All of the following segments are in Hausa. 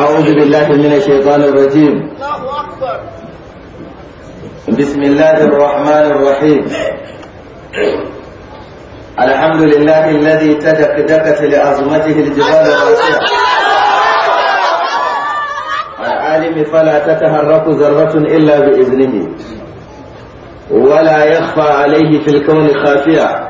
أعوذ بالله من الشيطان الرجيم بسم الله الرحمن الرحيم الحمد لله الذي تدكدكت لعظمته الجبال الراسعة العالم فلا تتحرك ذرة إلا بإذنه ولا يخفى عليه في الكون خافية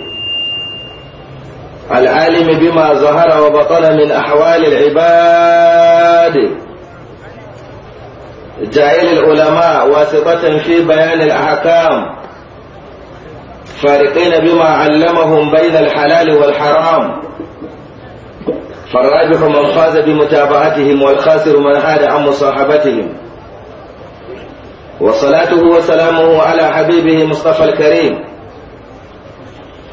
العالم بما ظهر وبطل من أحوال العباد جعل العلماء واسطة في بيان الأحكام فارقين بما علمهم بين الحلال والحرام فالراجح من فاز بمتابعتهم والخاسر من حاد عن مصاحبتهم وصلاته وسلامه على حبيبه مصطفى الكريم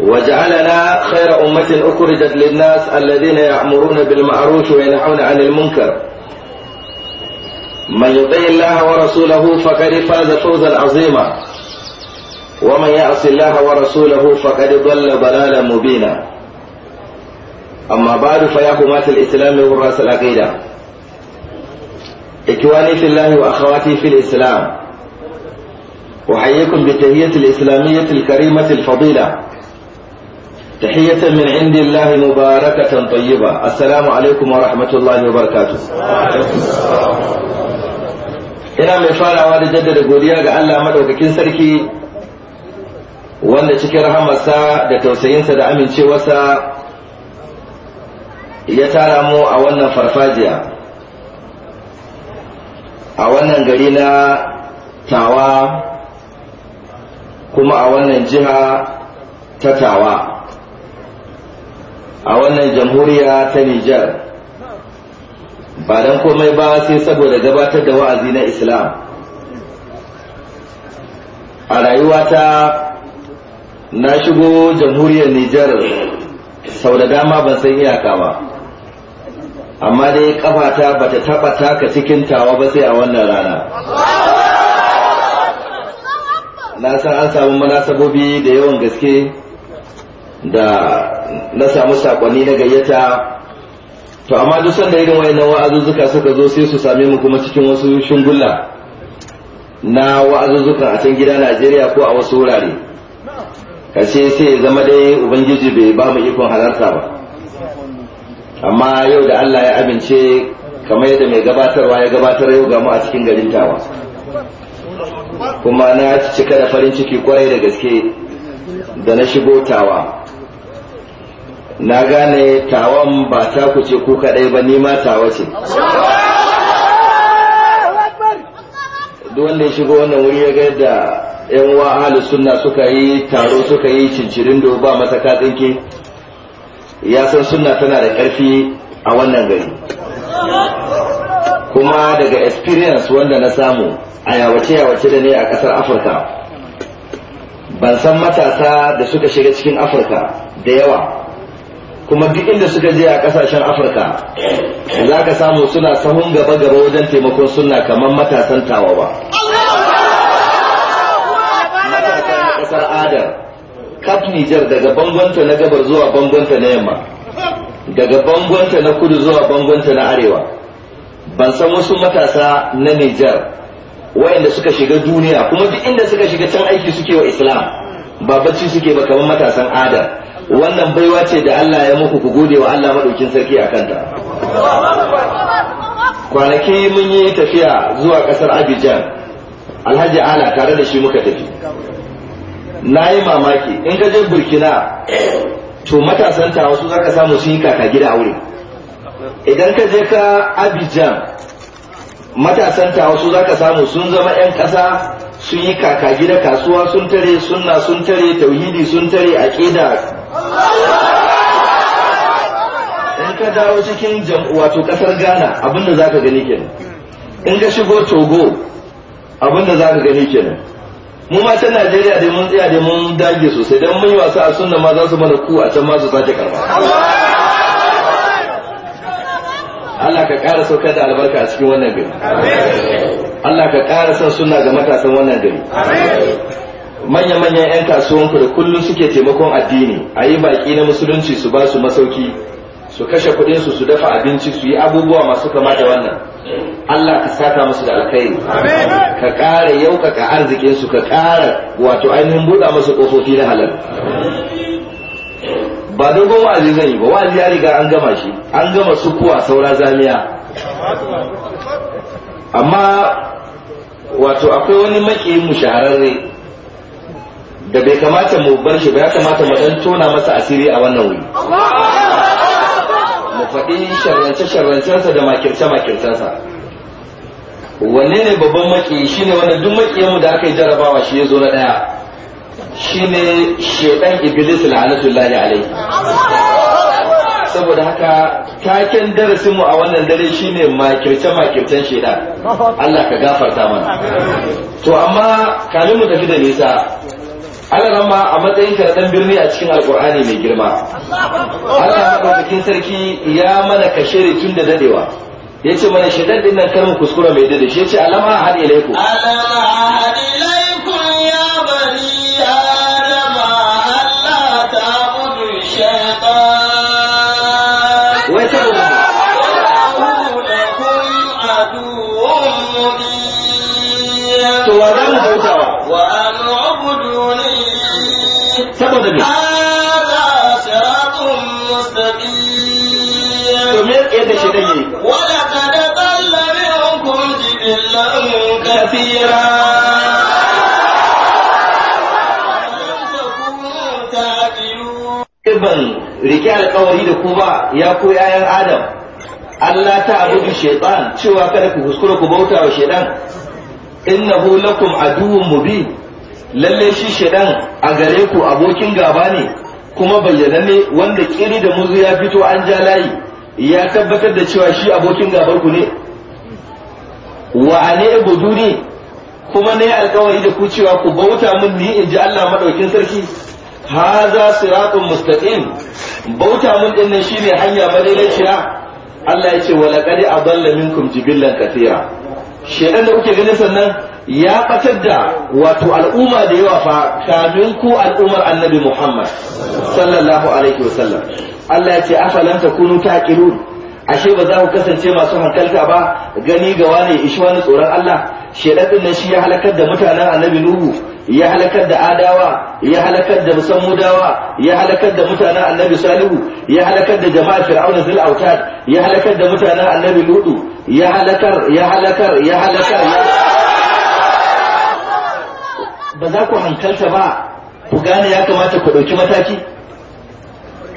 واجعلنا خير أمة أخرجت للناس الذين يأمرون بالمعروف وينهون عن المنكر من يطيع الله ورسوله فقد فاز فوزا عظيما ومن يعص الله ورسوله فقد ضل ضلالا مبينا أما بعد فيا حماة الإسلام وراس العقيدة إخواني في الله وأخواتي في الإسلام أحييكم بالتهية الإسلامية الكريمة الفضيلة تحية من عند الله مباركة طيبة السلام عليكم ورحمة الله وبركاته ina mai farawa da jaddada godiya ga Allah madaukakin sarki wanda cikin rahamarsa da tausayinsa da amincewarsa ya tara mu a wannan farfajiya a wannan gari na tawa kuma a wannan jiha ta tawa a wannan jamhuriya ta Nijar ba dan komai ba sai saboda gabatar da wa'azi na Islam a rayuwata na shigo jamhuriyar Nijar sau da dama ban san iyaka ba amma dai kafata bata taba taka cikin tawa ba sai a wannan rana na san an samu munasabobi da yawan gaske da na samu sakonni na gayyata to amma duk sanda irin wayannan wa'azuzzuka suka zo sai su same mu kuma cikin wasu shungulla na wa'azuzzuka a can gida Najeriya ko a wasu wurare kace sai zama dai ubangiji bai ba mu ikon halarta ba amma yau da Allah ya amince kamar yadda mai gabatarwa ya gabatar yau ga mu a cikin garin tawa kuma na cika da farin ciki kwarai da gaske da na shigo tawa na gane tawan ba ta ku ce ku kadai ba ni ma tawa ce wanda ya shigo wannan wuri ya ga yadda yan uwa sunna suka yi taro suka yi cincirin da ba mata tsinke ya san sunna tana da karfi a wannan gari kuma daga experience wanda na samu a yawace yawace da ne a kasar afirka ban san matasa da suka shiga cikin afirka da yawa kuma duk inda suka je a kasashen afirka za ka samu suna sahun gaba-gaba wajen taimakon suna kamar matasan tawawa ba kasar adar kaf nijar daga bangonta na gabar zuwa bangonta na yamma daga bangonta na kudu zuwa bangonta na arewa ban san wasu matasa na nijar wayanda suka shiga duniya kuma duk inda suka shiga can aiki suke wa islam ba bacci suke ba kamar matasan adar wannan baiwa ce da Allah ya muku ku gode wa Allah madaukin sarki a kanta kwanaki mun yi tafiya zuwa kasar Abidjan Alhaji Ala tare da shi muka tafi na yi mamaki in ka je Burkina to matasan ta wasu zaka samu sun yi kaka gida aure idan ka je ka Abidjan matasan ta wasu zaka samu sun zama 'yan ƙasa sun yi kaka gida kasuwa sun tare sunna sun tare tauhidi sun tare aqida in ka dawo cikin wato kasar ghana abinda za ka gani kenan in ka shigo togo abinda za ka gani kenan mu ma ta najeriya da mun tsaya da mun dage sosai don mun yi wasa a sunna ma za su mana ku a can ma su sake karba Allah ka ƙara saukar da albarka a cikin wannan gari Allah ka ƙara son suna ga matasan wannan gari manya-manyan 'yan kasuwanku da kullum suke taimakon addini a yi baƙi na musulunci su ba su masauki su kashe kuɗinsu su dafa abinci su yi abubuwa masu kama da wannan Allah ka saka musu da alkhairi ka ƙara yaukaka arzikinsu ka ƙara wato ainihin buɗa musu ƙofofi na halal ba dogon wa'azi zan yi ba wa'azi ya riga an gama shi an gama su kuwa saura zamiya amma wato akwai wani maƙiyin mu shahararre da bai kamata mu bar shi ba ya kamata mu dan tona masa asiri a wannan wuri mu faɗi sharrance-sharrancensa da makirce-makircensa wanne ne babban maki shi ne wanda duk makiyanmu da aka yi jarabawa shi ya zo na ɗaya shi ne shaidan iblis la'anatullahi alai saboda haka taken darasinmu a wannan dare shine makirce-makircen shaidan Allah ka gafarta mana to amma kamin mu tafi da nisa Allah nan ma a matsayin ka dan birni a cikin alkur'ani mai girma Allah cikin sarki ya mana kashiri tun da dadewa ya ce mana shaidar din nan karmu kuskura mai dade shi ya ce alama hadi ilaikum alama hadi ilaikum ya bari saboda me hada siratun mustaqim to me yadda shi dan yi wala kad dalla minkum jibillan kathira ban rike alkawari da kowa ya ku yayan adam Allah ta abudu shaiɗan cewa kada ku kuskura ku bauta wa shaitan innahu lakum mu mubin lalle shi shedan a gare ku abokin gaba ne kuma bayyana ne wanda kiri da muzu ya fito an ja layi ya tabbatar da cewa shi abokin gabar ku ne wa ane gudu ne kuma ne alkawari da ku cewa ku bauta mun ni in ji Allah madaukin sarki haza siratun mustaqim bauta mun din nan shine hanya madaidaiciya Allah ya ce wa laqad adalla minkum jibillan katira shedan da kuke ganin sannan ya fatar da wato al'umma da yawa fa kamin ku al'ummar annabi Muhammad sallallahu alaihi wa sallam. Allah ya ce afalan takunu taqilun ashe ba za ku kasance masu hankalta ba gani ga wane ishi wani tsoron Allah shedadin nan shi ya halakar da mutanen annabi Nuhu ya halakar da adawa ya halakar da musammudawa ya halakar da mutanen annabi salihu ya halakar da jama'ar fir'auna zil autad ya halakar da mutanen annabi lutu ya halakar ya halakar ya halakar ya halakar ba za ku hankalta ba ku gane ya kamata ku ɗauki mataki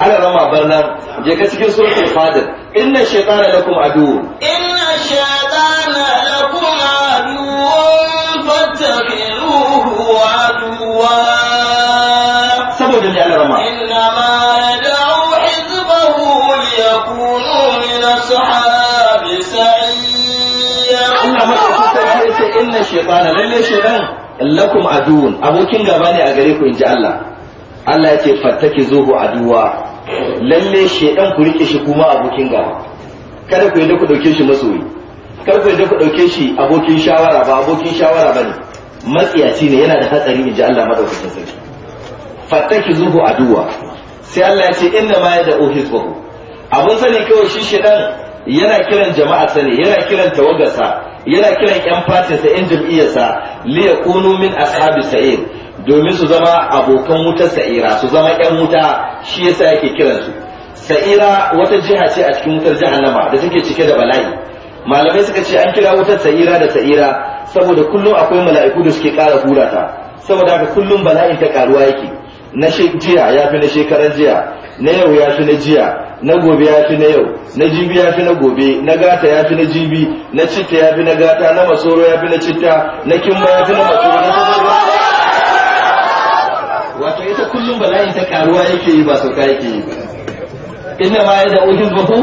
ana rama barna je ka cikin suratul fadil inna shaytana lakum aduwwu inna shaytana lakum aduwwun fattabi'uhu aduwwa saboda ne ana rama inna ma yad'u hizbahu liyakunu min ashabi sa'ir Allah madaukakin sarki ya ce inna shaytana lalle shaytan lakum adu'un abokin gaba ne a gare ku inji Allah Allah ya ce fattaki zuhu aduwa lalle shedan ku rike shi kuma abokin gaba kada ku yadda ku dauke shi masoyi kada ku yadda ku dauke shi abokin shawara ba abokin shawara bane matsiyaci ne yana da hatsari inji Allah madaukakin sarki fattaki zuhu aduwa sai Allah ya ce inna ma yad'u hizbahu abun sani kawai shi shedan yana kiran jama'a sani yana kiran tawagarsa yana kiran yan fatinsa yan sa li yakunu min ashabi sa'id domin su zama abokan wutar sa'ira su zama yan wuta shi yasa yake kiran su sa'ira wata jiha ce a cikin wutar jahannama da take cike da bala'i malamai suka ce an kira wutar sa'ira da sa'ira saboda kullum akwai mala'iku da suke kara hura ta saboda haka kullum bala'in ta karuwa yake na jiya ya fi na shekarar jiya na yau ya fi na jiya na gobe ya fi na yau na jibi ya fi na gobe na gata ya fi na jibi na citta ya fi na gata na masoro ya fi na citta na kimma ya fi na masoro na wato ita kullum Bala'i ta karuwa yake yi ba sauka yake yi inna ma ya da ohin bahu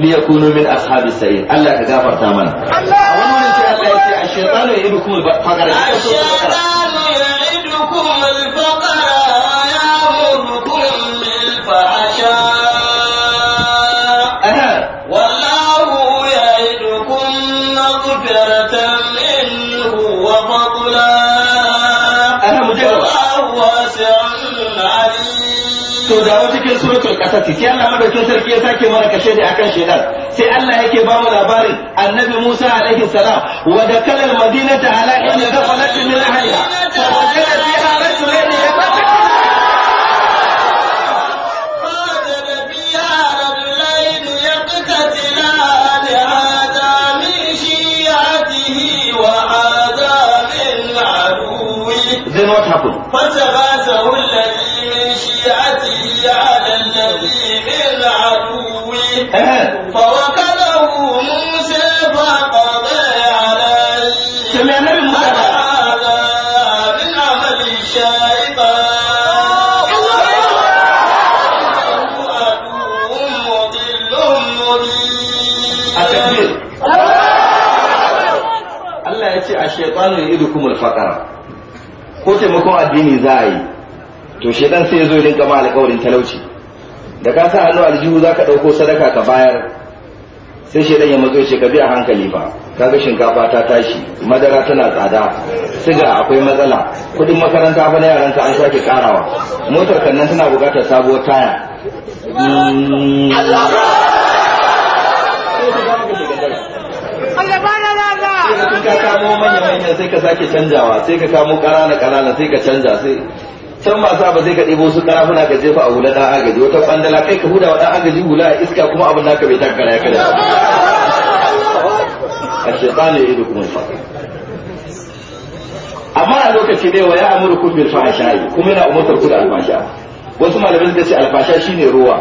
li yakunu min ashabi sayyid Allah ka gafarta mana Allah wannan sai Allah ya ce ash-shaytanu ya'idukum al-faqra ya shaytanu ya'idukum cikin suratul qasas sai Allah madaukin sarki ya sake mana kashe da akan shedan sai Allah yake ba mu labarin annabi Musa alaihi salam wa dakala al-madinata ala in dakhalat min ahliha shaytanu al ko taimakon addini za a yi to shedan sai yazo zo rinka ma alƙawarin talauci da ka sa hannu aljihu za ka ɗauko sadaka ka bayar sai shedan ya mazo ce ka bi a hankali fa kaga shinkafa ta tashi madara tana tsada siga akwai matsala kudin makaranta fa na yaranka an sake karawa motar kannan tana bukatar sabuwar taya Allah hmm. ka kamo manya manya sai ka sake canjawa sai ka kamo ƙanana ƙanana sai ka canja sai can ba sa ba sai ka ɗebo su karafuna ka jefa a hula ɗan agaji wata kwandala kai ka huda wa ɗan agaji hula a iska kuma abin ka bai takara ya kada a shaitani ya ido kuma amma a lokaci ne wa ya amuru kun bil fahashayi kuma yana umartar ku da alfasha wasu malamai suka ce alfasha shine ruwa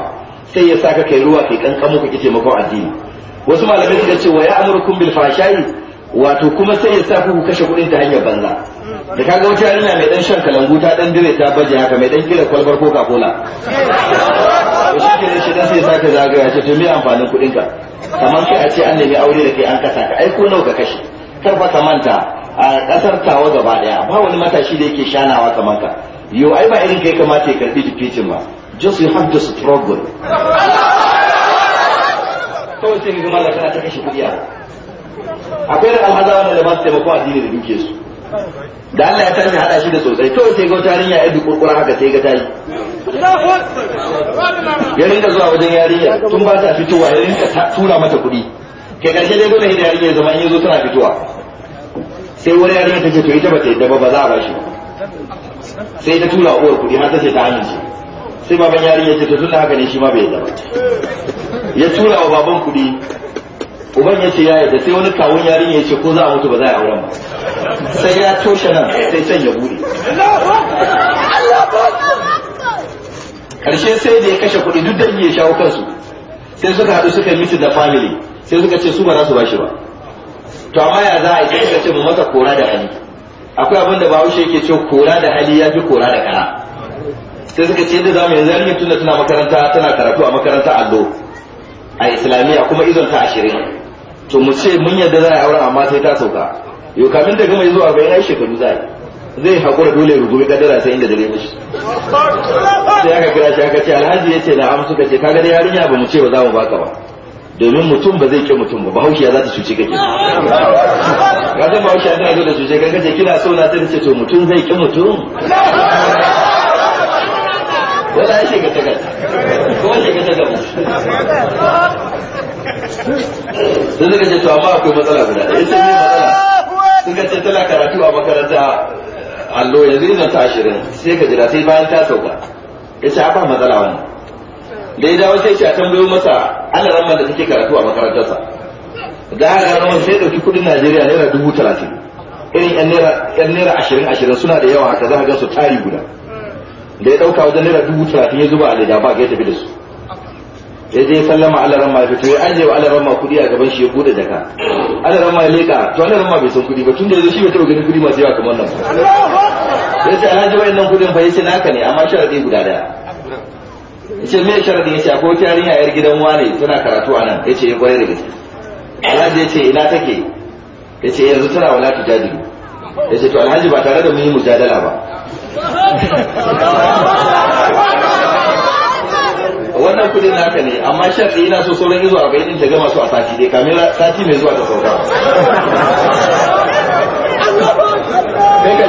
sai ya sa ka kai ruwa kai kankamu kake taimakon addini wasu malamai suka ce wa ya amuru kun bil fahashayi wato kuma sai ya sa kuku kashe kuɗin ta hanyar banza da kaga wata yarinya mai dan shan kalangu ta dan dire ta baje haka mai dan kira kwalbar coca cola to shi ke shi dan sai ya saka zagaya ce to me amfanin kuɗin ka kamar sai a ce an nemi aure da kai an kasa ka ai ko nawa ka kashe kar fa ka manta a kasar tawa gaba daya ba wani matashi da yake shanawa kamar ka yo ai ba irin kai kamata ya karbi dipitin ba just you have to struggle kawai sai ga malaka ta kashe kuɗi a akwai da alhaza wanda da ba su taimako addini da duke su da Allah ya tarbi hada shi da sosai to sai ga tarin ya kurkura haka sai ga tayi ya rinka zuwa wajen yarinya tun ba ta fitowa ya rinka tura mata kuɗi kai karshe dai dole da yarinya zama in yazo tana fitowa sai wani yarinya ce to ita ba ta yadda ba ba za a bashi sai ta tura uwar kuɗi har ta ce ta amince sai baban yarinya ce to tun haka ne shi ma bai yadda ba ya tura wa baban kuɗi uban ya ce ya yadda sai wani kawun yarin ya ce ko za a mutu ba za a auren ba sai ya toshe nan sai can ya bude karshe sai da ya kashe kuɗi duk dangi ya shawo kansu sai suka haɗu suka yi mutu da family sai suka ce su ba za su bashi ba to amma ya za a yi suka ce mu masa kora da hali akwai abin da bahaushe yake ce kora da hali ya fi kora da kara sai suka ce yadda za mu yanzu yarinyar tunda tana makaranta tana karatu a makaranta allo a islamiyya kuma izon ta ashirin to mu ce mun yadda za a auren amma sai ta sauka yau kamin da gama zuwa bayan ai shekaru za zai haƙura dole rugumi kadara sai inda dare mishi sai aka kira shi aka ce alhaji ya ce na amsu ka ce kaga da yarinya ba mu ce ba za mu baka ba domin mutum ba zai ke mutum ba bahaushiya za ta cuce ka ke ka bahaushiya tana zo da cuce ka kace kina so na sai ce to mutum zai ke mutum wala shi ka ta ko shi ka ta sai suka ce to amma akwai matsala guda da ita ne matsala suka ce tana karatu a makaranta allo yanzu izan ta ashirin sai ka jira sai bayan ta sauka ya ce ba matsala wani da ya dawo sai ce a tambayo masa ana ramar da take karatu a makarantarsa da haka ramar sai ɗauki kudin najeriya naira dubu talatin irin yan naira ashirin ashirin suna da yawa haka za a gan su tari guda da ya ɗauka wajen naira dubu talatin ya zuba a leda ba ya tafi da su ya je sallama alaran ma ya fito ya ajiye alaran ma kudi a gaban shi ya gode jaka alaran ma ya leka to alaran ma bai san kudi ba tun da shi bai taba ganin kudi masu yawa kamar nan ya ce alhaji wayan nan kudin fa yace naka ne amma sharadi guda daya yace me sharadi yace akwai tarihi a yar gidan ne tana karatu a nan yace ya kware eh, da gaske alhaji yace ina take yace yanzu tana wala tujadilu yace to alhaji ba tare da mun yi mujadala ba wannan kudin naka ne amma sharri ina so sauran izo a bayanin ta gama su a sati dai kamar sati mai zuwa ta sauka kai ka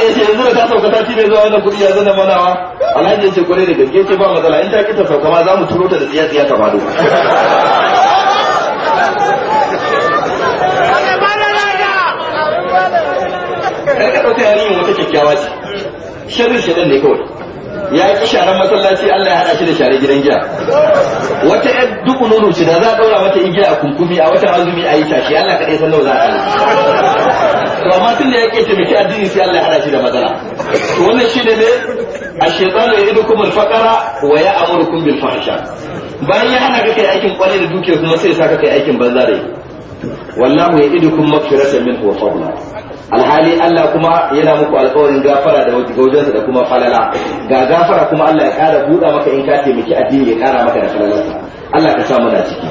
ya ce yanzu da ta sauka sati mai zuwa wannan kudi ya zana manawa alhaji ya ce kwarai da gaske ce ba matsala in ta kita sauka ma za mu turo ta da tsiya tsiya ta bado kai ka ɗauka yarinyar wata kyakkyawa ce shirin shaɗan ne kawai ya ki sharan masallaci Allah ya hada shi da share gidan giya wata yar duk nono ce da za a daura mata igiya a kunkumi a wata azumi a yi tashi Allah kadai san nawa za a to amma tun da ya ke taimaki addini sai Allah ya hada shi da matsala to wannan shine ne a yi ya'idukum kuma alfakara wa ya kun bil fahsha bayan ya hana ka kai aikin kwarai da duke kuma sai ya saka kai aikin banza da yi wallahu ya'idukum maghfiratan min wa fadla alhali Allah kuma yana muku alƙawarin gafara da wajensa da kuma falala ga gafara kuma Allah ya kara buɗa maka in ka taimaki addini ya kara maka da falalarsa Allah ka sa muna ciki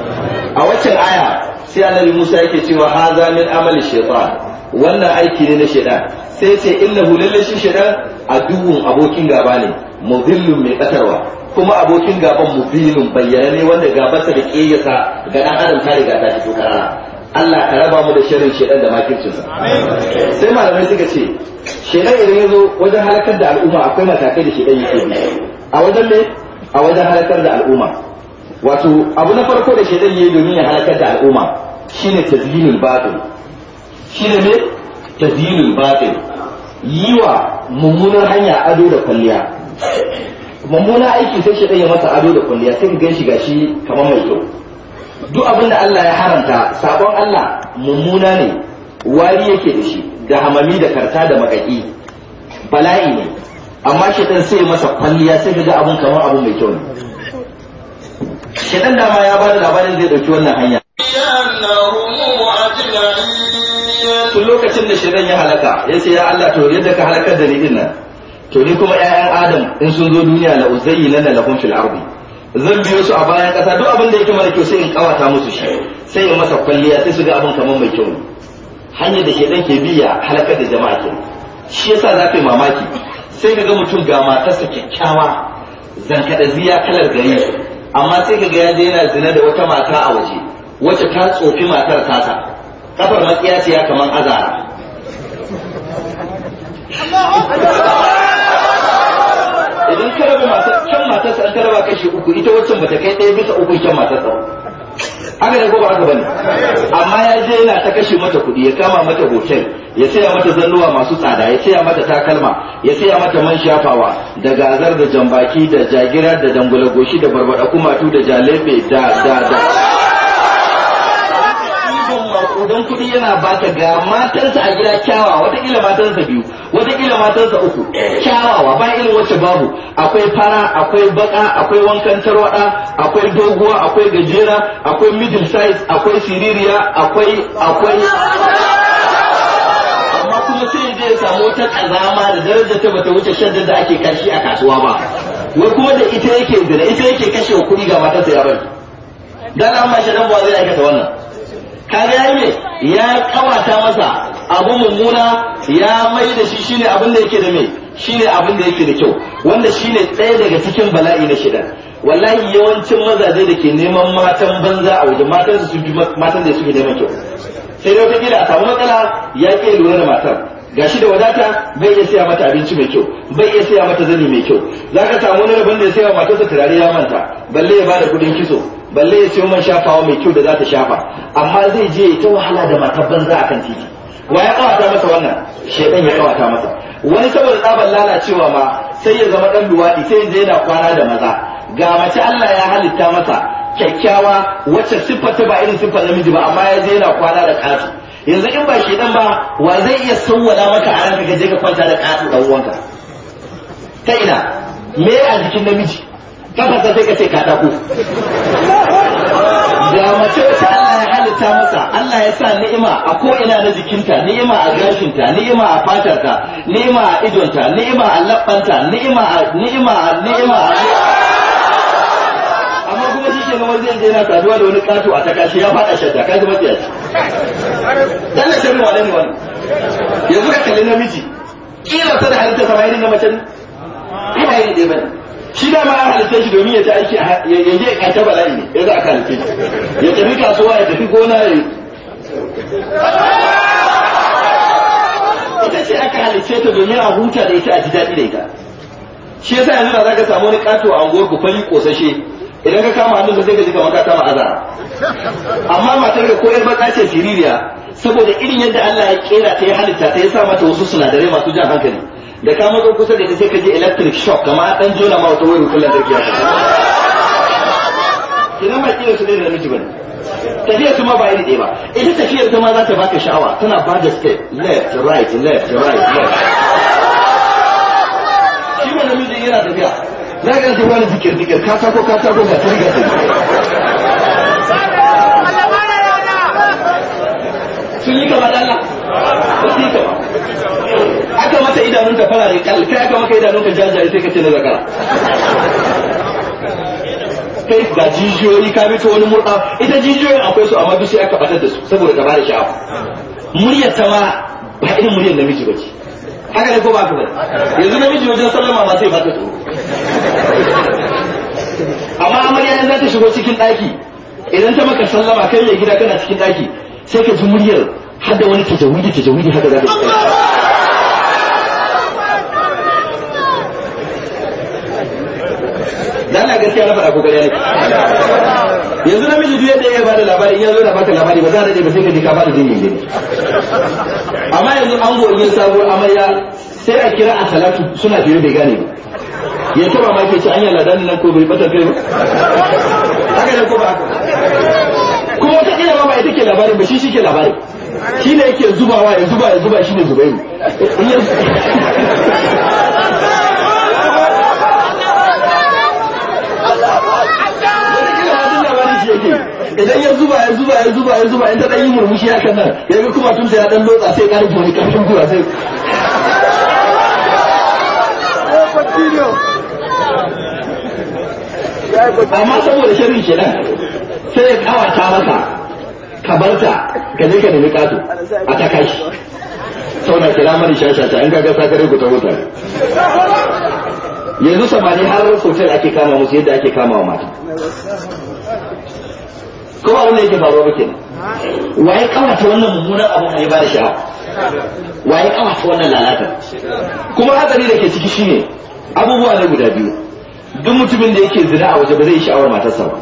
a waccan aya sai annabi Musa yake cewa haza min amali shaytan wannan aiki ne na shaytan sai sai innahu lalle shi shaytan aduwwun abokin gaba ne mudhillun mai katarwa kuma abokin gaban mubinun bayyana ne wanda gabarsa da ƙeyasa ga dan adam ta riga ta fito karara Allah ka raba mu da shirin shedan da sa sai malamai suka ce shedan idan ya zo wajen halakar da al'umma akwai matakai da shedan yake bi a wajen ne a wajen halakar da al'umma wato abu na farko da shedan yayi domin ya halakar da al'umma shine tazyinul batil shine ne tazyinul batil Yiwa mummunar hanya ado da kwalliya mummuna aiki sai shedan ya masa ado da kwalliya sai ka gan shi gashi kamar mai kyau duk abin da Allah ya haramta sabon Allah mummuna ne wari yake da shi da hamami da karta da makaki bala'i ne amma shaitan sai masa kwalliya sai ga abun kamar abun mai kyau ne shaitan dama ya bada labarin zai dauki wannan hanya tun lokacin da shaitan ya halaka ya ce ya Allah to yadda ka halakar da ni din nan to ni kuma ƴaƴan Adam in sun zo duniya la na lahum fil ardi zan biyo su a bayan ƙasa duk abinda ya yake mara kyau sai in kawata musu shi sai in masa kwalliya sai su ga abin kamar mai kyau hanyar da shedan ke biya halakar da jama'a ke shi yasa za ka yi mamaki sai ka ga mutum ga matarsa kyakkyawa ziya kalar gari amma sai ka ga ya yana zina da wata mata a waje wacce ta tsofi matar tasa kafar matsiya ce ya kamar azara ka raba matar can an raba kashi uku ita waccan bata kai ɗaya bisa uku can matarsa haka ne ko ba haka bane amma ya je yana ta kashe mata kuɗi ya kama mata hotel ya saya mata zannuwa masu tsada ya saya mata takalma ya saya mata man shafawa da gazar da jambaki da jagira da dangula goshi da barbada kumatu da jalefe da da da Idan kuɗi yana baka ga matarsa a gida kyawawa watakila matarsa biyu watakila matarsa uku kyawawa ba irin wacce babu akwai fara akwai baka akwai wankan tarwada akwai doguwa akwai gajera akwai middle size akwai siririya akwai akwai amma kuma sai zai samu wata kazama da daraja ta bata wuce shaddar da ake kashi a kasuwa ba wai kuma da ita yake da ita yake kashe kuɗi ga matarsa ya bari dan amma shadan ba zai aikata wannan kaga yayi me ya kawata masa abu mummuna ya mai da shi shine abin da yake da me shine abin da yake da kyau wanda shine ɗaya daga cikin bala'i na shida wallahi yawancin mazaje da ke neman matan banza a wajen matan su matan da suke neman kyau sai dai wata a samu matsala ya ke lura da matan gashi da wadata bai iya siya mata abinci mai kyau bai iya siya mata zani mai kyau zaka samu wani rabin da ya siya matarsa turare ya manta balle ya bada kudin kiso balle ya siyo man shafawa mai kyau da za ta shafa amma zai je ya ta wahala da matar banza a kan titi wa ya kawata masa wannan shedan ya kawata masa wani saboda tsaban lalacewa ma sai ya zama dan luwaɗi sai yanzu yana kwana da maza ga mace Allah ya halitta masa kyakkyawa wacce siffa ta ba irin siffar namiji ba amma ya je yana kwana da kasu yanzu in ba shedan ba wa zai iya sawwala maka a ranka ka je ka kwanta da kasu da uwanka ta ina me a jikin namiji kafasa sai ka ce ka ɗaku da mace wata Allah ya halitta masa Allah ya sa ni'ima a ko'ina na jikinta ni'ima a gashinta ni'ima a fatarta ni'ima a idonta ni'ima a labbanta ni'ima a ni'ima a ni'ima a amma kuma shi ke wani zai je na saduwa da wani kato a takashi ya faɗa shadda kaji mafiya ce dan da shirin wane ne wani yanzu ka kalli namiji kila ta da halitta sama irin na mace ne ina yi ɗaya bane shi da ma an halitta shi domin ya ta aiki ya je a ta bala'i ne ya za a halitta shi ya tafi kasuwa ya tafi gona ya ita ce aka halitta ta domin a huta da ita a ji daɗi da ita shi yasa yanzu da za ka samu wani ƙato a unguwar gufali ƙosashe idan ka kama hannun sai ka ji kamar ka kama azara amma matar da ko yar baka ce siririya saboda irin yadda Allah ya kera ta ya halitta ta ya sa mata wasu sinadarai masu jan hankali da ka mazo kusa da ita sai ka ji electric shock kamar dan jona ma wata wayar kullun ya kiyar kina mai kiyar su da namiji bane tafiyar su ma ba iri ɗaya ba ita tafiyar ta ma za ta baka sha'awa tana ba da step left right left right left shi ma namiji yana tafiya na ga ta wani zikir zikir ka tako ka tako ga turga ta sun yi gaba dala. ba su yi gaba aka mata idanun ta fara kal kai aka maka idanun ka jajaye sai ka ce na zakara kai ga jijiyoyi ka bi ta wani murɗa ita jijiyoyin akwai su amma duk sai aka batar da su saboda ta bada sha'awa muryar ta ma ba irin muryar namiji ba ce haka ne ko ba ka bane yanzu namiji wajen sallama ba sai ba ta tsoro amma amarya yanzu za ta shigo cikin ɗaki idan ta maka sallama kai mai gida kana cikin ɗaki sai ka ji muryar hadda wani tajawidi tajawidi haka za ka dan na gaskiya na fara ko gare ne yanzu namiji duk yadda ya bada labari in yazo na baka labari ba za ka je ba sai ka je ka bada dinin gini amma yanzu an ne sabuwar amarya sai a kira a salatu suna fiye bai gane ya taba ma ke ci an yalla dan nan ko bai bata kai ba haka ne ko ba ko kuma wata ma ba ita ke labarin ba shi shi ke labarin shi ne yake zubawa ya zuba ya zuba shi ne zubairu idan ya zuba ya zuba ya zuba ya zuba in ta dan yi murmushi haka nan ya ga kuma tun ya dan lotsa sai ya rufe wani karfin gura sai amma saboda shirin ke nan sai ya kawata masa kabarta ka je ka nemi kato a ta kai sauna kira mani shashata in ka ga sakare ku guta wuta yanzu samani har sosai ake kama musu yadda ake kama wa mata ko ba wanda yake faruwa ba kenan waye kawata wannan mummunan abu da ya bada sha'a waye kawata wannan lalata kuma hadari da ke ciki shine abubuwa ne guda biyu duk mutumin da yake zina a waje ba zai yi sha'awar matarsa ba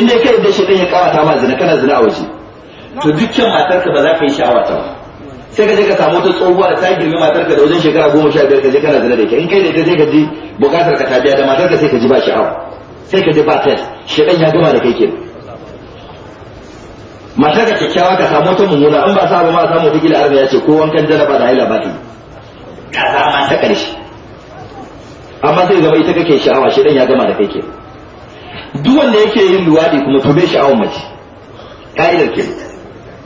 inda yake da shi dan ya kawata ma zina kana zina a waje to dukkan matarka ba za ka yi sha'awar ta ba sai ka je ka samu ta tsohuwa da ta girma matarka da wajen shekara goma sha biyar ka je kana zina da ke in kai da ita sai ka ji bukatar ka ta biya da matarka sai ka ji ba sha'awa sai ka ji ba test dan ya gama da kai kenan mata da kyakkyawa ka samu ta mummuna in ba sa ba ma samu bigila arba ya ce ko wankan jaraba da haila ba ta yi ka zama ta karshe. amma zai zama ita kake sha'awa shi ya gama da kai ke duk wanda yake yin luwadi kuma to bai sha'awar mace ka'idar ke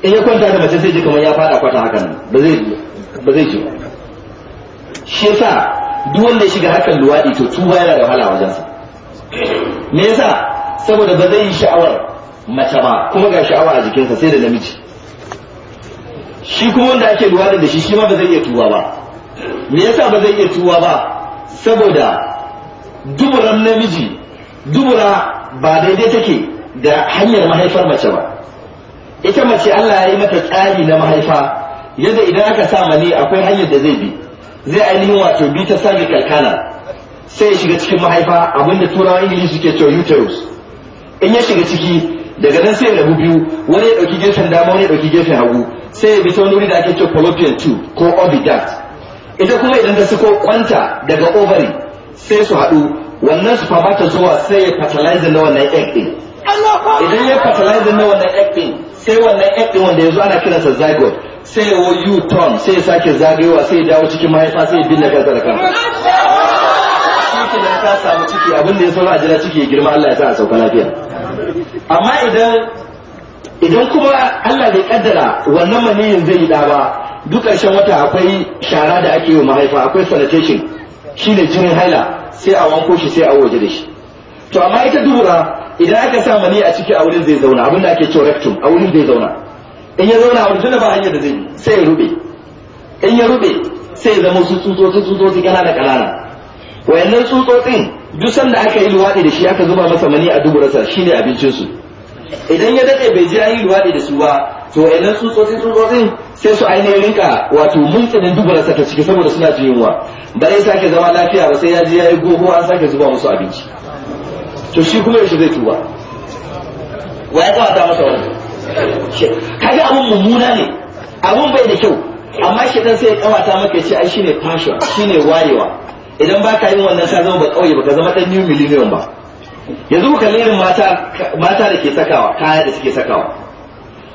in ya kwanta da mace sai ji kamar ya fada kwata hakan ba zai ba zai ji shi yasa duk wanda ya shiga hakan luwadi to tuba yana da wahala wajen sa me yasa saboda ba zai yi sha'awar mace ba kuma ga sha'awa a jikinsa sai da namiji shi kuma wanda ake luwada da shi shi ma ba zai iya tuwa ba me yasa ba zai iya tuwa ba saboda duburan namiji dubura ba daidai take da hanyar mahaifar mace ba ita mace Allah ya yi mata tsari na mahaifa yadda idan aka sa mani akwai hanyar da zai bi zai ainihin wato bi ta sami kalkana sai ya shiga cikin mahaifa abinda turawa ingilishi suke cewa uterus in ya shiga ciki daga nan sai ya rabu biyu wani ya dauki gefen dama wani ya dauki gefen hagu sai ya bi ta wani wuri da ake ce fallopian tube ko obidat ita kuma idan ta suko kwanta daga ovary sai su haɗu wannan su zuwa sai ya fertilize na wannan egg din idan ya fertilize na wannan egg din sai wannan egg din wanda yanzu ana kiransa zygote sai ya wo u-turn sai ya sake zagayowa sai ya dawo cikin mahaifa sai ya binne kansa da kansa shi ka samu ciki abin da ya saura a jira ciki ya girma Allah ya sa a sauka lafiya amma idan idan kuma Allah bai kaddara wannan maniyin zai yi da ba duk ƙarshen wata akwai shara da ake yi mahaifa akwai sanitation shi ne jinin haila sai a wanko shi sai a waje da shi to amma ita dubura idan aka sa mani a ciki a wurin zai zauna abin da ake cewa rectum a wurin zai zauna in ya zauna a wurin tunda ba hanyar da zai yi sai ya rube in ya rube sai ya zama su tsutsotsi tsutsotsi da kanana wayannan tsutsotsin duk sanda aka yi luwaɗi da shi aka zuba masa mani a duburarsa shine abincin su idan ya dade bai ji an yi luwaɗi da su ba to idan tsutsotsi tsutsotsin sai su ainihin rinka wato muntsinin duburarsa ta ciki saboda suna jin yunwa ba ya sake zama lafiya ba sai ya ji ya yi goho an sake zuba musu abinci to shi kuma yaushe zai tuba wa ya kawata masa wannan kaga abun mummuna ne abun bai da kyau amma shi dan sai ya kawata maka ya ce ai shine fashion shine wayewa. idan ba ka yin wannan ka zama ba kauye ba ka zama dan new millennium ba yanzu ka kalli mata mata da ke sakawa kaya da suke sakawa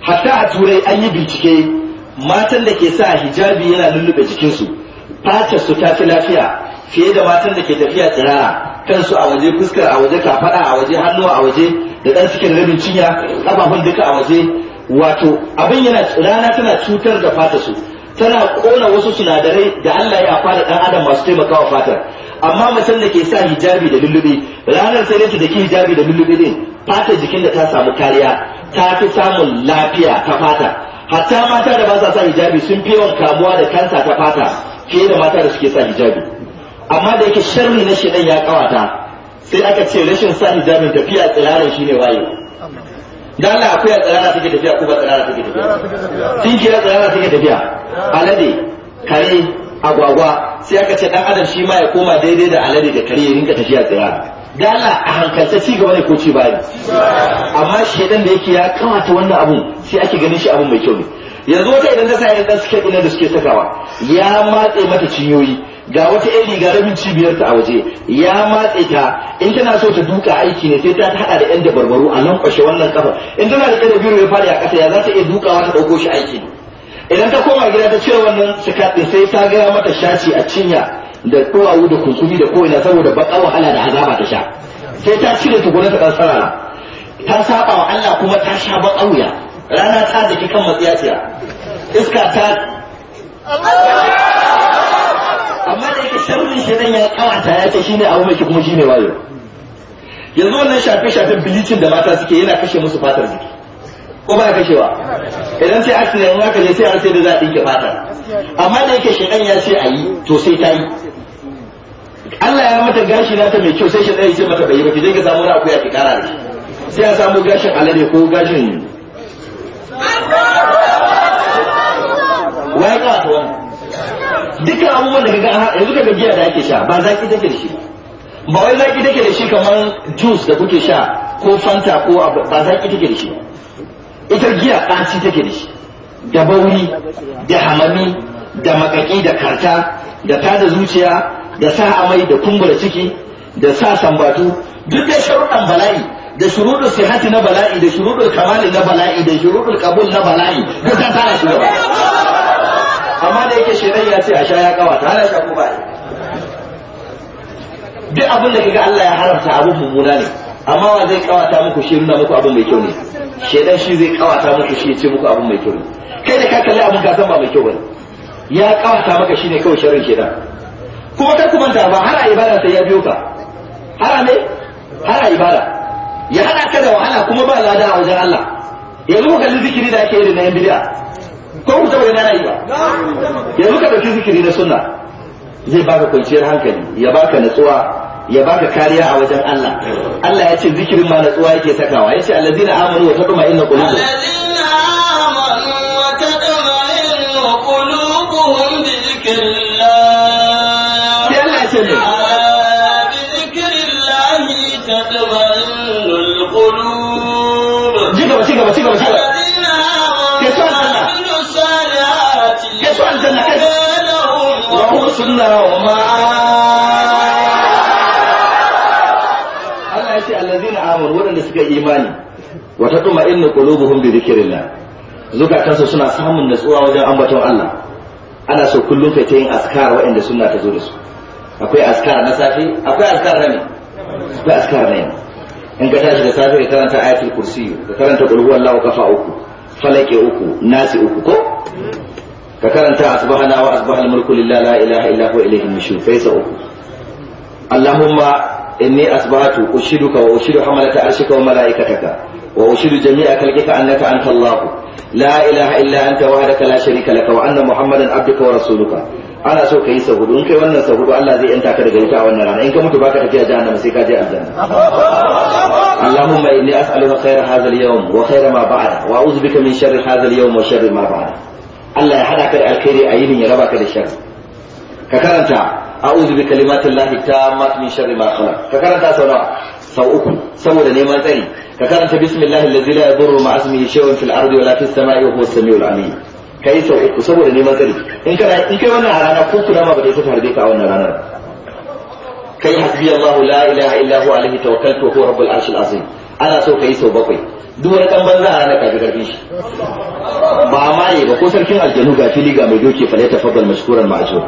hatta a turai an yi bincike matan da ke sa hijabi yana lullube jikinsu fatar su ta fi lafiya fiye da matan da ke tafiya tsirara kansu a waje fuskar a waje kafada a waje hannu a waje da dan cikin rabin cinya kafafun duka a waje wato abin yana rana tana cutar da fata su tana kona wasu sinadarai da Allah ya fara dan adam masu taimakawa fatar amma mutum da ke sa hijabi da lullube ranar sai da ke hijabi da lullube din fatar jikin da ta samu kariya ta fi samun lafiya ta fata hatta mata da ba sa sa hijabi sun fi yawan kamuwa da kansa ta fata fiye da mata da suke sa hijabi amma da yake sharri na shedan ya kawata sai aka ce rashin sa hijabin tafiya tsirarin shine waye da Allah akwai a tsirara take tafiya ko ba tsirara take tafiya tinkiya tsirara take tafiya alade kare agwagwa sai aka ce dan adam shi ma ya koma daidai da alade da kare ya rinka tafiya tsirara da Allah a hankalta ci gaba ne ko ci baya amma shi shedan da yake ya kamata wannan abun sai ake ganin shi abun mai kyau ne yanzu wata idan ta sa yan dan suke da suke sakawa ya matse mata cinyoyi ga wata yan riga rabin ta a waje ya matse ta in tana so ta duka aiki ne sai ta hada da yan dabarbaru a nan kwashe wannan kafa in tana da kada biro ya fara a kasa ya za ta iya dukawa ta dauko shi aiki idan ta koma gida ta cire wannan sikat sai ta gaya mata shaci a cinya da duwawu da kunsumi da ko'ina saboda baƙar wahala da azaba ta sha sai ta cire tukunan ta kansarara ta saba wa Allah kuma ta sha ba ƙauya rana ta da kan matsiya iska ta amma da yake sai dan ya kawata ya ce shine abu mai kuma shine wayo yanzu wannan shafe shafe bilicin da mata suke yana kashe musu fatar jiki ko ba kashewa idan sai aka in aka je sai an sai da za a dinke fatar amma da yake shedan ya ce ayi to sai ta yi Allah ya mata gashi na ta mai kyau sai shedan ya ce mata bai yi ba ki je ki samu na akuya ki kara shi sai ya samu gashin alade ko gashin wai ka ta wannan dukkan abubuwan da kaga yanzu kaga giya da ake sha ba zaki take da shi ba wai zaki take da shi kamar juice da kuke sha ko fanta ko ba zaki take da shi ita giya ɗaci take da shi da bauri da hamami da makaki da karta da tada zuciya da sa amai da kumbura ciki da sa sambatu duk da sharuɗan bala'i da shuruɗul sihati na bala'i da shuruɗul kamali na bala'i da shuruɗul kabul na bala'i duk tana tara shi gaba amma da yake shedan ya ce a sha ya kawa ta halarta ko ba duk abin da kaga Allah ya haramta abin mummuna ne amma wa zai kawata muku shi nuna muku abin mai kyau ne shedan shi zai kawata muku shi ya ce muku abin mai kyau ne kai da ka kalli abin ka san ba mai kyau bane ya kawata maka shine kawai sharrin shedan kuma kar ku manta ba har a ibada sai ya biyo ka har ne har a ibada ya hada ka da wahala kuma ba lada a wajen Allah yanzu ka kalli zikiri da ake yi da yan bid'a ko mu taɓa yana yi ba yanzu ka ɗauki zikiri na sunna zai baka kwanciyar hankali ya baka natsuwa ya baka kariya a wajen Allah Allah ya ce zikirin ma natsuwa yake sakawa ya ce allazina amanu wa taqma inna qulubuhum allazina amanu wa taqma inna qulubuhum bi dhikrillah ya Allah ya ce ne bi dhikrillah taqma اللهم Allah ya ce allazina amanu wadanda suka yi imani wa taqma inna qulubuhum bi dhikrillah zukatansu suna samun natsuwa wajen ambaton Allah ana so kullum kai ta yin askara waɗanda sunna ta zo da su akwai askara na safe akwai askara na ne akwai askara na yamma in ka tashi da safe ka karanta ayatul kursi ka karanta qul huwallahu kafa uku falake uku nasi uku ko ka karanta asbahana wa asbahal mulku lillahi la ilaha illa huwa ilayhi nushur sai sa uku allahumma inni asbahtu ushiduka wa ushidu hamalata arshika wa malaikataka wa ushidu jami'a khalqika annaka anta allah la ilaha illa anta wahdaka la sharika laka wa anna muhammadan abduka wa rasuluka ana so ka yi sa hudu in kai wannan sa hudu Allah zai yanta ka daga wuta a wannan rana in ka mutu baka tafiya jahannama sai ka je aljanna Allahumma inni as'aluka khayra hadha al-yawm wa khayra ma ba'da wa a'udhu bika min sharri hadha al-yawm wa sharri ma ba'da Allah ya hada ka da alkhairi a yinin ya raba ka da shari. ka karanta a'udhu bi kalimatin lahi tammat min sharri ma khalaq ka karanta sau nawa sau uku saboda neman tsari ka karanta bismillahi allazi la yadurru ma ismihi shay'un fil ardi wala fis samai wa huwa samiul alim kai sau uku saboda neman tsari in kana in kai wannan a rana ko kuna ma ba dai ta harbe ka a wannan ranar kai hasbi Allah la ilaha illa huwa alaihi tawakkaltu wa huwa rabbul arshil azim ana so kai sau bakwai duk wani banza a ranar kaji karfin shi ba ma yi ba ko sarkin aljanu ga fili ga mai doke fa ta fabbal mashkuran ma'azur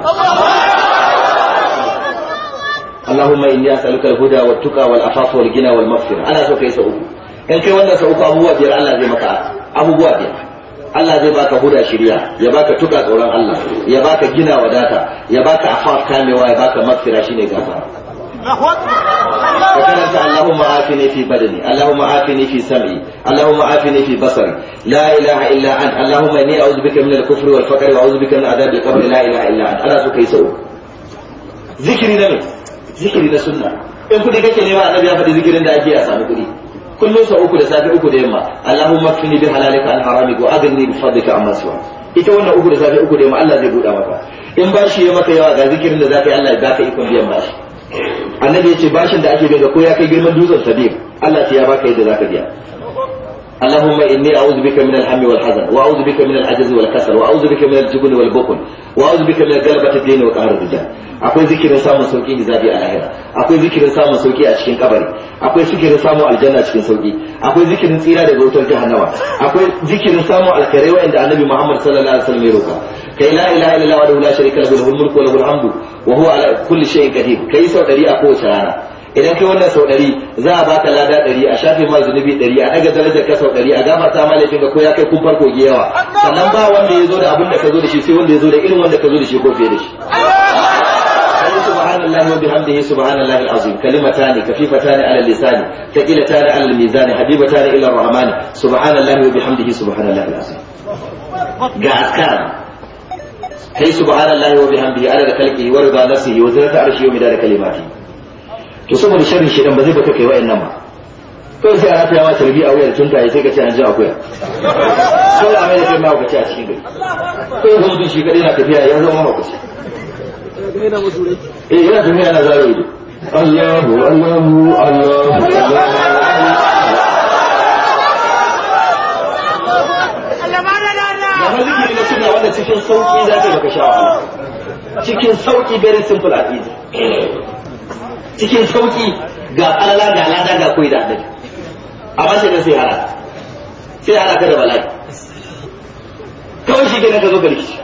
اللهم اني اسالك الهدى والتقى والعفاف والغنى maghfira ana so kai sauku in kai wannan sa'uku abubuwa biyar Allah zai maka abubuwa biyar Allah zai baka huda shiriya ya baka tuka tsoron Allah ya baka gina wadata ya baka afaf kamewa ya baka maghfira shine gafara وكانت اللهم عافني في بدني اللهم عافني في سمعي اللهم عافني في بصري لا اله الا انت اللهم اني اعوذ بك من الكفر والفقر واعوذ بك من عذاب القبر لا اله الا انت انا سوكي سو ذكري نبي ذكري na ان كنت kudi نيما nema annabi ya faɗi zikirin da ake a sami kudi kullum sau uku da safe uku da yamma allahumma kfini bi halalika an haramika wa aghni ita wannan uku da safe uku da yamma Allah zai buɗa maka in ba shi ya maka yawa ga zikirin da zaka yi Allah ya baka ikon biyan ba shi annabi yace bashin da ake bai da ko ya kai girman dutsen sabir Allah ya baka yadda zaka biya اللهم إني أعوذ بك من الهم والحزن وأعوذ بك من العجز والكسل وأعوذ بك من الجبن والبخل وأعوذ بك من غلبة الدين وقهر الرجال akwai zikirin samun sauki da zabi a lahira akwai zikirin samun sauki a cikin kabari akwai zikirin samun aljanna cikin sauki akwai zikirin tsira daga wutar jahannama akwai zikirin samun alkhairai wanda annabi Muhammad sallallahu alaihi wasallam ya roka kai la ilaha illallah wahdahu la sharika lahu lahul mulku wa lahul hamdu wa huwa ala kulli shay'in qadir kai sau dari a kowace rana idan kai wannan sau za a baka lada ɗari a shafe ma zunubi dari a daga darajar ka sau ɗari a gafarta ma laifin ka ko ya kai a farko yawa sannan ba wanda ya zo da abin ka zo da sai wanda ya zo irin wanda ka zo da shi ko fiye da shi subhanallahi wa bihamdihi subhanallahi alazim kalimatani kafifatani ala wa ga askar kai subhanallahi wa bihamdihi adada khalqihi wa rida nafsihi wa zinata arshihi wa midada kalimati to saboda sharrin shedan ba zai baka kai wa'annan ba kawai sai a rataya ma tarbi a wuyar tuntaye sai ka ce an ji akuya sai a mai da kai mahaukaci a cikin gari ko yanzu mutum shi kadai na tafiya ya zama mahaukaci eh yana tafiya yana zaro ido Allahu Allahu Allahu Allahu cikin sauki za ka ka sha cikin sauki very simple and easy cikin sauki ga alala ga lada ga koyi da annabi a sai ka sai hana sai hana ka da bala'i kawai shi kenan ka zo ka rikici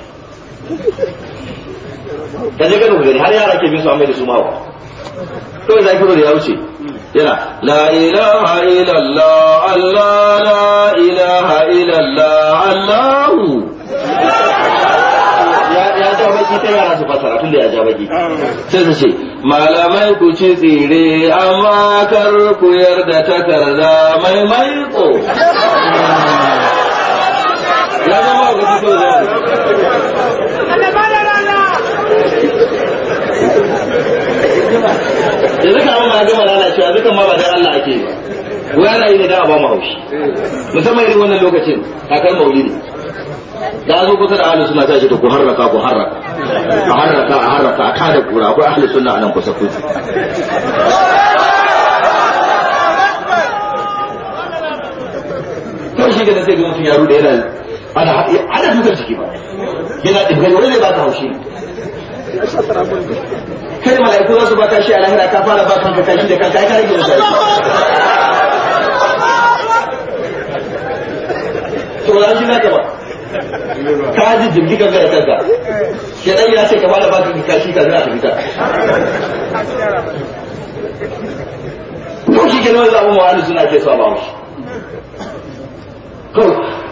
da je gano gani har yara ke bin su amma da su mawa kawai zaki da ya wuce yana la ilaha illallah allah la ilaha illallah allahu kulle a jabaki sai su ce malamai ku ci tsire amma kar ku yarda takarda mai maiko ya zama ku ci so yanzu kamar ma gama lalacewa dukan ma ba dan Allah ake ba wai ana yi ne da a ba mu haushi musamman irin wannan lokacin kakar maulidi da zo kusa da ahlus suna ta ce to ku harraka ku harraka a harraka a harraka a tada kura akwai ahli sunna nan kusa kusa to shi ga sai ga mutum yaro da yana ana ana dukan jiki ba yana dinga wani zai baka haushi kai malaiku za su ka shi a lahira ka fara ba kanka kashi da kanka ai ka rage musu to ran shi zaka ba ka ji jirgi kanka da kanka shedan ya ce ka bada baka kashi ka zira fita ko shi kenan za mu wa'ala suna ke saba mushi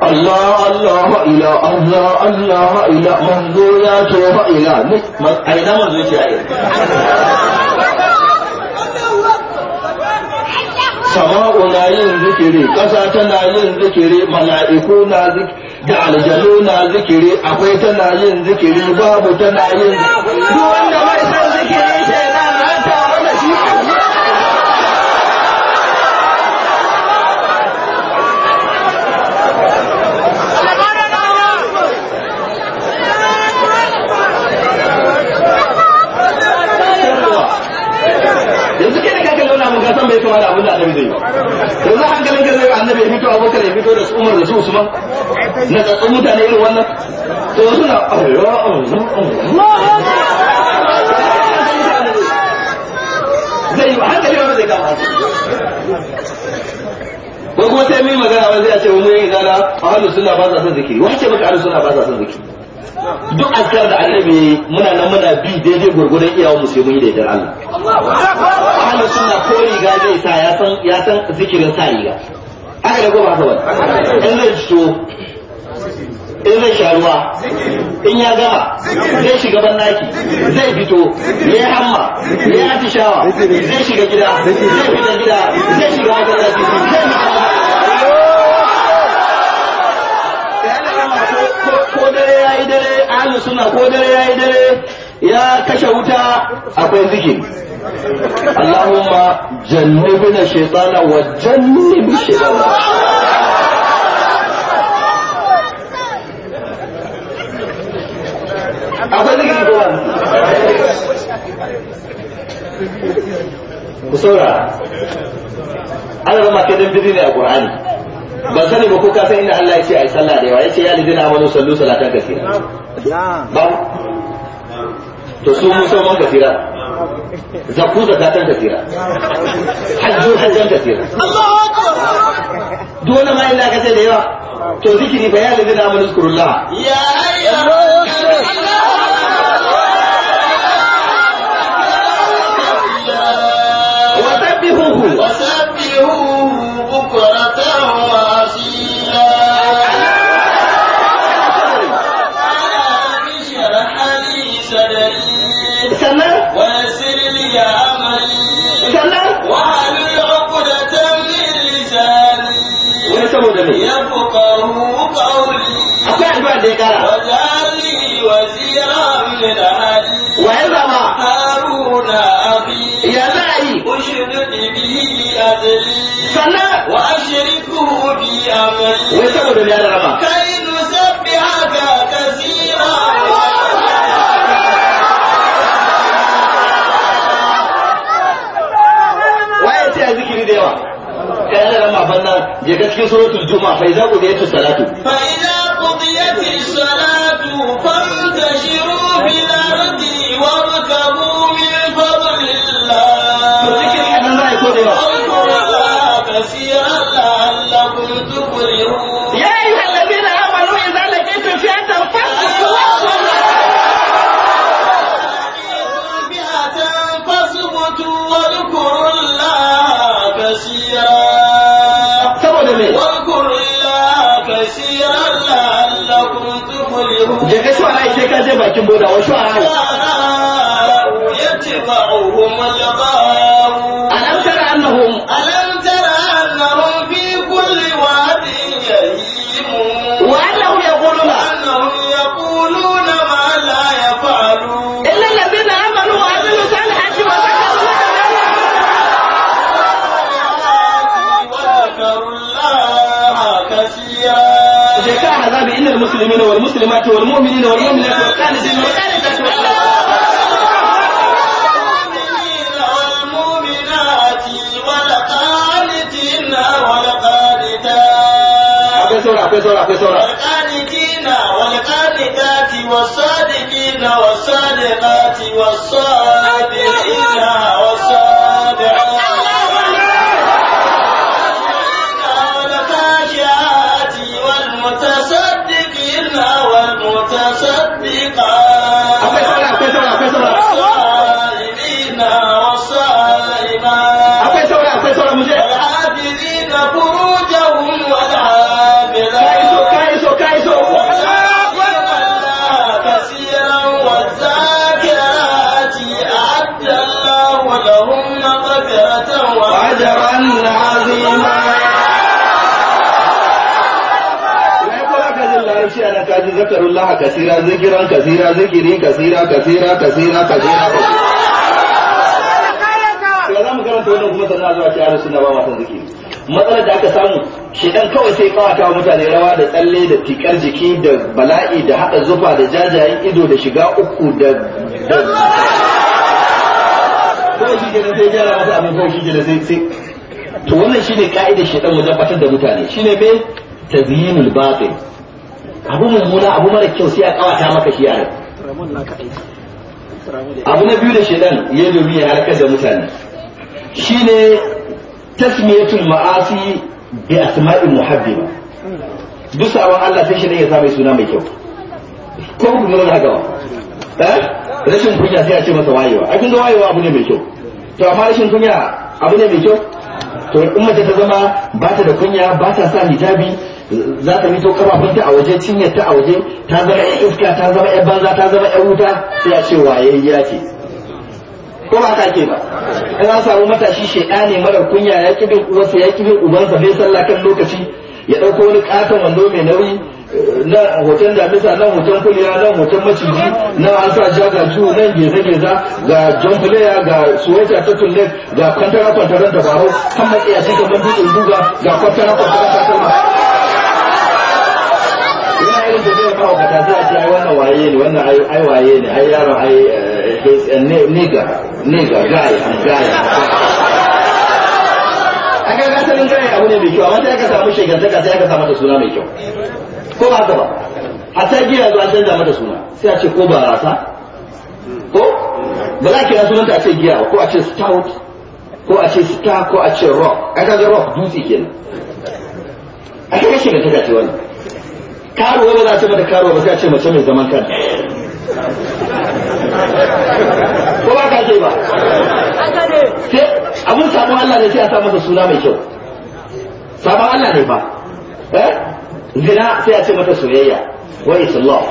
Allah Allah ila Allah Allah ila manzo ya to fa ila ne a ina manzo ya ce ai sama'u na yin zikiri ƙasa tana yin zikiri mala'iku na zikiri da aljanu na zikiri akwai tana yin zikiri babu tana yin duk wanda mai san zikiri shaitan na tare wanda shi yanzu da kake nuna mun san bai kamar abin da annabi zai yi yanzu hankalin ka zai annabi ya fito abokan ya fito da umar da su usman na zaɓi mutane irin wannan to suna zai yi hankali wanda zai kama ko kuma sai mai magana wani zai ce mu yayin zana ahlus sunna ba sa son zikiri wace maka ahlus sunna ba sa son zikiri duk azkar da annabi muna nan muna bi daidai gurgurdan iyawa mu sai mun yi da Allah ahlus sunna ko riga zai sa ya san ya san zikirin sa riga haka da ko ba haka ba in zai so in zai sha ruwa in ya gama zai shiga banɗaki zai fito ya yi hamma ya yi atishawa zai shiga gida zai fita gida zai shiga masallaci zai ko dare ya yi dare ahlu suna ko dare ya yi dare ya kashe wuta akwai zikiri اللهم جنبنا الشيطان وجنب الشيطان akwai zikiri ko ku saura zama ke ne a qur'ani ban sani ba ko ka san inda Allah ya ce ai sallah da yawa ya ce ya lidina amanu sallu salatan kasira ba to su musamman kasira zakku zakatan kafira hajju hajjan kafira Allahu akbar duk wani ma ka kace da yawa to zikiri fa ya ladina ya an dai kara wajali wazira min ahli wa yazama haruna abi ya zai ushrid bi azli sannan wa ashriku bi amri wai saboda ya raba kai nusabbihaka kaseera waye ce zikiri da yawa kai Allah ma banna je ga cikin suratul juma'a fa iza qudiyatu salatu fa iza الصلاة فانتشروا في الأرض لعلكم تفلحون ya je bakin boda wa shu'ara yatba'uhum al-ghawu alam tara annahum alam tara annahum fi kulli wadin yahimun wa annahum yaquluna annahum yaquluna ma la yaf'alun illa alladhina amanu wa amilu salihati wa zakaru الله كثيرا جاء عذاب إن المسلمين والمسلمات والمؤمنين واليوم الآخر fẹ́sọ́ra fẹ́sọ́ra. wàlùkánì kínà wàlùkánì káàkiri wọ́sọ́ọ̀dì kínà wọ́sọ́ọ̀dì káàkiri wọ́sọ́ọ̀dì kínà. Allah kasira zikiran kasira zikiri kasira kasira kasira kasira kasira za mu karanta wannan kuma sannan zuwa cikin suna ba wasan zikiri matsalar da aka samu shedan kawai sai kawata wa mutane rawa da tsalle da tikar jiki da bala'i da haɗa zufa da jajayen ido da shiga uku da kawai shi kenan sai gyara masa abin kawai shi kenan sai sai to wannan shine ka'idar shedan wajen batar da mutane shine me tazyinul batil abu mummuna abu mara kyau sai a kawata maka shi a abu na biyu da shaidan ya domin ya harkar da mutane shine tasmiyatul ma'asi bi asma'i muhabbiba dusawan Allah sai shedan ya sa mai suna mai kyau ko ku lura da gawa eh rashin kunya sai a ce masa wayewa a kun ga wayewa abu ne mai kyau to amma rashin kunya abu ne mai kyau to in mace ta zama ba ta da kunya ba ta sa hijabi za ta fito kafafunta a waje ta a waje ta zama yan iska ta zama yan banza ta zama yan wuta sai a ce wayayya ce ko ba ta ke ba in an samu matashi ne marar kunya ya ki bin uwarsa ya ƙi bin ubansa bai sallah kan lokaci ya dauko wani katon wando mai nauyi na hoton damisa nan hoton kuliya nan hoton maciji na an sa jaga nan geza geza ga john player ga suwaita ta tulle ga kwantara kwantaran tabarau kan matsayacin kamar dutsen duga ga kwantara kwantaran takalma wanda zai a ai wannan waye ne wannan ai waye ne ai yaron ai nega nega gaya gaya a kan asalin gaya abu ne mai kyau amma sai aka samu sai aka samu suna mai kyau ko ba ba giya zuwa mata suna sai a ce ko ba rasa ko ba za ki ta a ce giya ko a ce stout ko a ce star ko a ce rock an kaga rock dutse kenan a kaga shigantaka ce wannan karuwa ba za a ce mata karuwa ba sai a ce mace mai zaman kan ko ba ka ce ba sai abun sabon Allah ne sai a sa masa suna mai kyau sabon Allah ne ba eh? zina sai a ce mata soyayya wa islam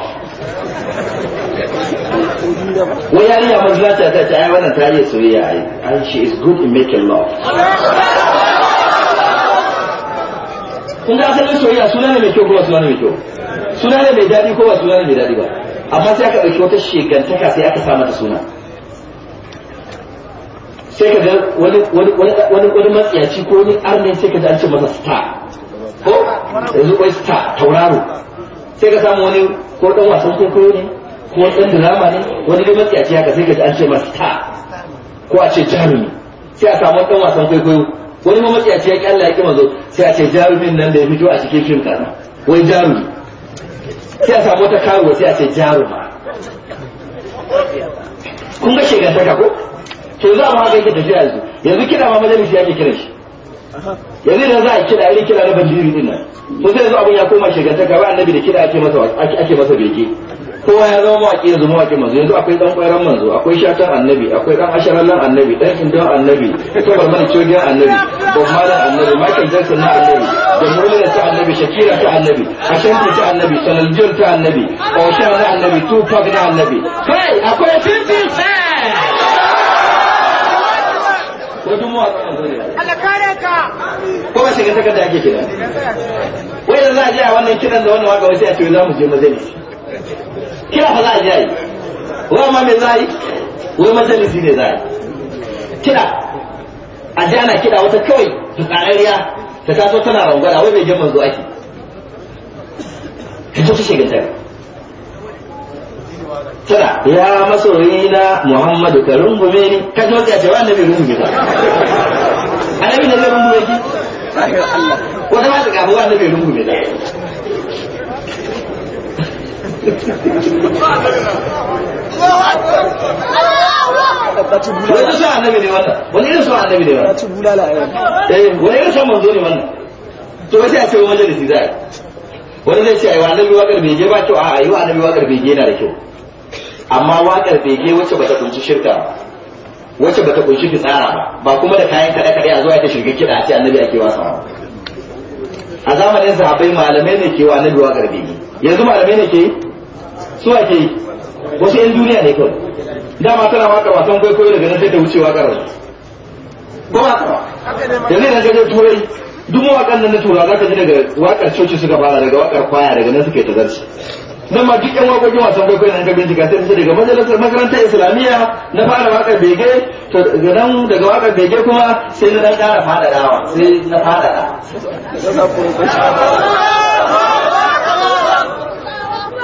wai yariya a ta ta ai wannan ta yi soyayya ai and she is good in making love kun ga asalin soyayya suna ne mai kyau kuma suna ne mai kyau suna ne mai daɗi ko ba suna ne mai daɗi ba amma sai aka ɗauki wata shegantaka sai aka sa mata suna sai ka ga wani wani matsiyaci ko wani arnin sai ka ga an ce masa star ko yanzu kwai star tauraro sai ka samu wani ko dan wasan kwaikwayo ne ko dan drama ne wani dai matsiyaci haka sai ka ji an ce masa star ko a ce jarumi sai a samu dan wasan kwaikwayo wani ma matsiyaci ya ki Allah ya ki manzo sai a ce jarumin nan da ya fito a cikin fim kaza wai jarumi sai a samu wata karuwa sai a ce jaruma kun ga shegantaka ko to za mu haka yake tafiya yanzu yanzu kira ma majalisi ya ke kira shi yanzu idan za a kira irin kira na bandiri din nan to sai yanzu abin ya koma shegantaka ba annabi da kira ake masa ake masa bege kowa ya zama mawaƙi yanzu mawaƙi manzo yanzu akwai dan ƙwairan manzo akwai shatan annabi akwai dan asharallan annabi dan kindan annabi tobar mana cogiyar annabi bob marley annabi kan jackson na annabi jamhuriyar ta annabi shakira ta annabi ashanti ta annabi sanaljon ta annabi oshan na annabi tupac na annabi kai akwai fifty cent ko duk ne Allah kare ka ko ba shiga takarda ake kira wai da za a je a wannan kiran da wannan waka wace a ce za mu je majalis kira fa za a ji wa ma me zai yi wai majalisi ne zai kira a ji ana kira wata kawai tsarariya ta taso tana rangwada wai mai girman zuwa ake ka ta shiga tana ya na muhammadu ka rungume ni ka ji wata cewa annabi rungume ta annabi da zai rungume ki wata ma ta kafa annabi rungume ta wani annabi ne wani irin annabi ne wani irin to a ce wani a yi wani zai ce a wa annabi ba kyau a yi wa annabi na da amma waƙar bege wacce bata kunshi shirka wacce bata kunshi fitsara ba ba kuma da kayan kaɗe kaɗe a zuwa ta shirga kiɗa a ce annabi ake wasa ba a zamanin sahabbai malamai ne ke wa annabi waƙar bege yanzu malamai ne ke yi su ake yi wasu yan duniya ne kawai dama tana waka wasan kwaikwayo daga nan sai ta wucewa karar ba ba kawa yanzu idan ka je turai duk mawaƙan nan na tura za ka ji daga wakar coci suka fara daga wakar kwaya daga nan suke yi tazarci nan ma duk yan waƙoƙin wasan kwaikwayo nan ka bincika sai su daga makaranta islamiyya na fara wakar bege ta nan daga wakar bege kuma sai na dan ƙara faɗaɗawa sai na faɗaɗa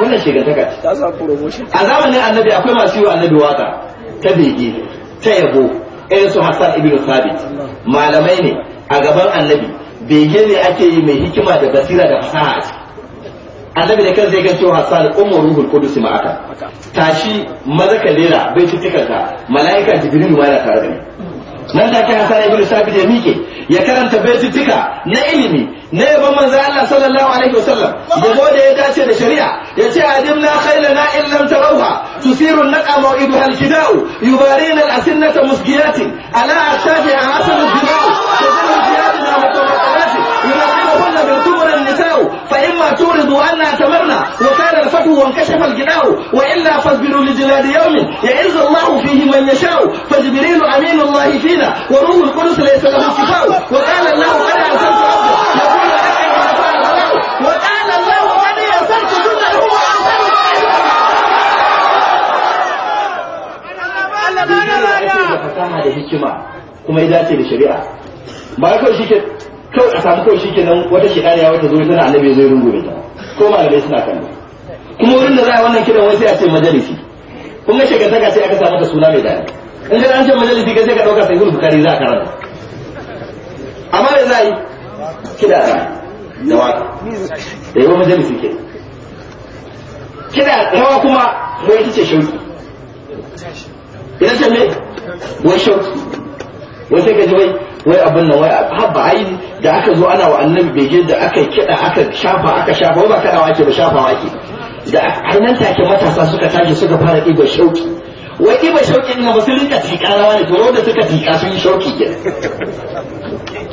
wannan shegantaka ce ta sa promotion a zamanin annabi akwai masu yi annabi waka ta bege ta yabo irin su Hassan ibn sabit malamai ne a gaban annabi bege ne ake yi mai hikima da basira da fasaha annabi da kansa yakan cewa Hassan ummu ruhul qudus ma'aka tashi mazaka lera bai tutukanka mala'ika jibril ma yana tare da ni nan da kan sa ibnu sabit ya mike ya karanta baitutuka na ilimi na yaban manzo Allah sallallahu alaihi wasallam da go da ya dace da shari'a yace adimna khailana in lam tarawha tusiru an-naqa mawiduha al-kidau yubarina al-asinnata musgiyatin ala asabiha hasan al-dimau tadallu ziyadina wa tawakkalat yunaqihunna bi tuwr an-nisa فإما تورد أن أتمرنا وكان الفتو وانكشف الجناء وإلا فاصبروا لجلاد يوم يعز الله فيه من يشاء فجبريل أمين الله فينا وروح القدس ليس له شفاء وقال الله أنا أرسلت عبدي وقال الله قد يسرت kuma ya dace da shari'a ba kawai shi ke kawai a samu kawai shikenan wata shekara ya wata zo tana annabi zai rungu rungume ta ko ma malamai suna kallo kuma wurin da za a wannan kiran wai sai a ce majalisi kun ga shekara sai aka samu ta suna mai dadi in ga an ce majalisi kai sai ka dauka sai kare za a karanta amma da za yi kida za da waka da yawan majalisi ke kida rawa kuma wai ita ce shauki idan ce me wai shauki wai sai ka ji bai wai abin nan wai haba ai da aka zo ana wa annabi bege da aka kiɗa aka shafa aka shafa wai ba kaɗawa ake ba shafa ake da ai nan take matasa suka tashi suka fara ɗiba shauki wai ɗiba shauki ina ba su rinka tiƙa ne to da suka tiƙa sun yi shauki kenan